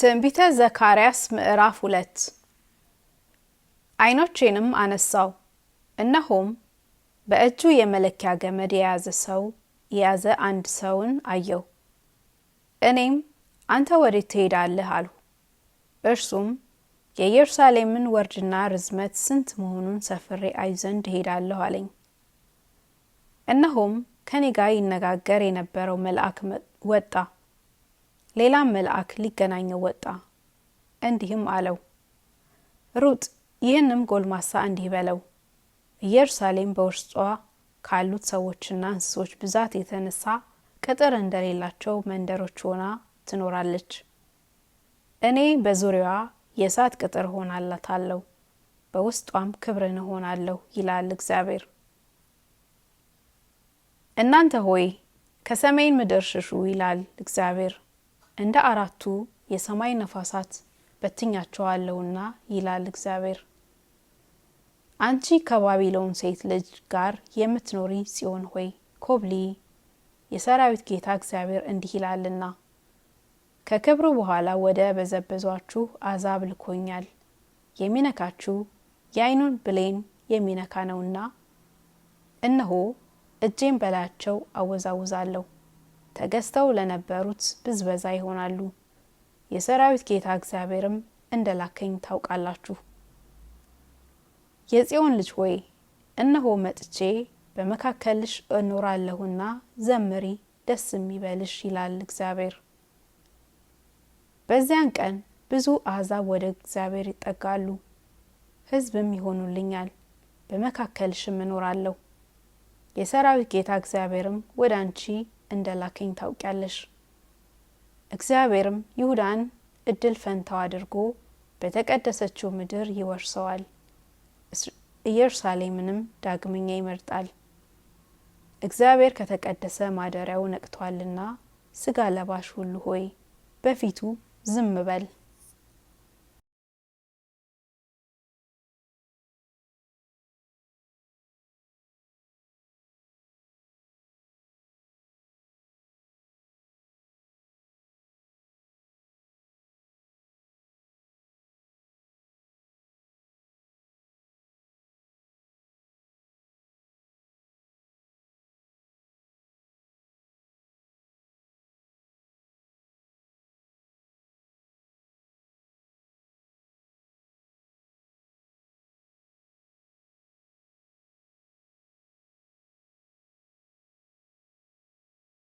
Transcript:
ትንቢተ ዘካርያስ ምዕራፍ ሁለት ዓይኖቼንም አነሳው፣ እነሆም በእጁ የመለኪያ ገመድ የያዘ ሰው የያዘ አንድ ሰውን አየው እኔም አንተ ወዴት ትሄዳለህ አልሁ። እርሱም የኢየሩሳሌምን ወርድና ርዝመት ስንት መሆኑን ሰፍሬ አይ ዘንድ እሄዳለሁ አለኝ። እነሆም ከኔ ጋር ይነጋገር የነበረው መልአክ ወጣ ሌላም መልአክ ሊገናኘው ወጣ፣ እንዲህም አለው፣ ሩጥ፣ ይህንም ጎልማሳ እንዲህ በለው፣ ኢየሩሳሌም በውስጧ ካሉት ሰዎችና እንስሶች ብዛት የተነሳ ቅጥር እንደሌላቸው መንደሮች ሆና ትኖራለች። እኔ በዙሪያዋ የእሳት ቅጥር ሆናላታለሁ፣ በውስጧም ክብርን እሆናለሁ ይላል እግዚአብሔር። እናንተ ሆይ ከሰሜን ምድር ሽሹ ይላል እግዚአብሔር። እንደ አራቱ የሰማይ ነፋሳት በትኛቸዋለሁና ይላል እግዚአብሔር። አንቺ ከባቢሎን ሴት ልጅ ጋር የምትኖሪ ጽዮን ሆይ ኮብሊ፣ የሰራዊት ጌታ እግዚአብሔር እንዲህ ይላልና ከክብሩ በኋላ ወደ በዘበዟችሁ አዛብ ልኮኛል። የሚነካችሁ የዓይኑን ብሌን የሚነካ ነውና፣ እነሆ እጄን በላያቸው አወዛውዛለሁ ተገዝተው ለነበሩት ብዝበዛ ይሆናሉ። የሰራዊት ጌታ እግዚአብሔርም እንደ ላከኝ ታውቃላችሁ። የጽዮን ልጅ ሆይ እነሆ መጥቼ በመካከልሽ እኖራለሁና ዘምሪ፣ ደስም ይበልሽ ይላል እግዚአብሔር። በዚያን ቀን ብዙ አሕዛብ ወደ እግዚአብሔር ይጠጋሉ፣ ሕዝብም ይሆኑልኛል፣ በመካከልሽም እኖራለሁ። የሰራዊት ጌታ እግዚአብሔርም ወደ አንቺ እንደ ላከኝ ታውቂያለሽ። እግዚአብሔርም ይሁዳን እድል ፈንታው አድርጎ በተቀደሰችው ምድር ይወርሰዋል፣ ኢየሩሳሌምንም ዳግመኛ ይመርጣል። እግዚአብሔር ከተቀደሰ ማደሪያው ነቅቷልና፣ ስጋ ለባሽ ሁሉ ሆይ በፊቱ ዝም በል።